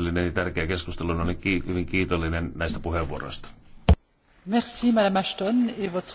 hyödyllinen ja tärkeä keskustelu. Olen no niin, hyvin kiitollinen näistä puheenvuoroista. Merci, Madame Ashton, et votre...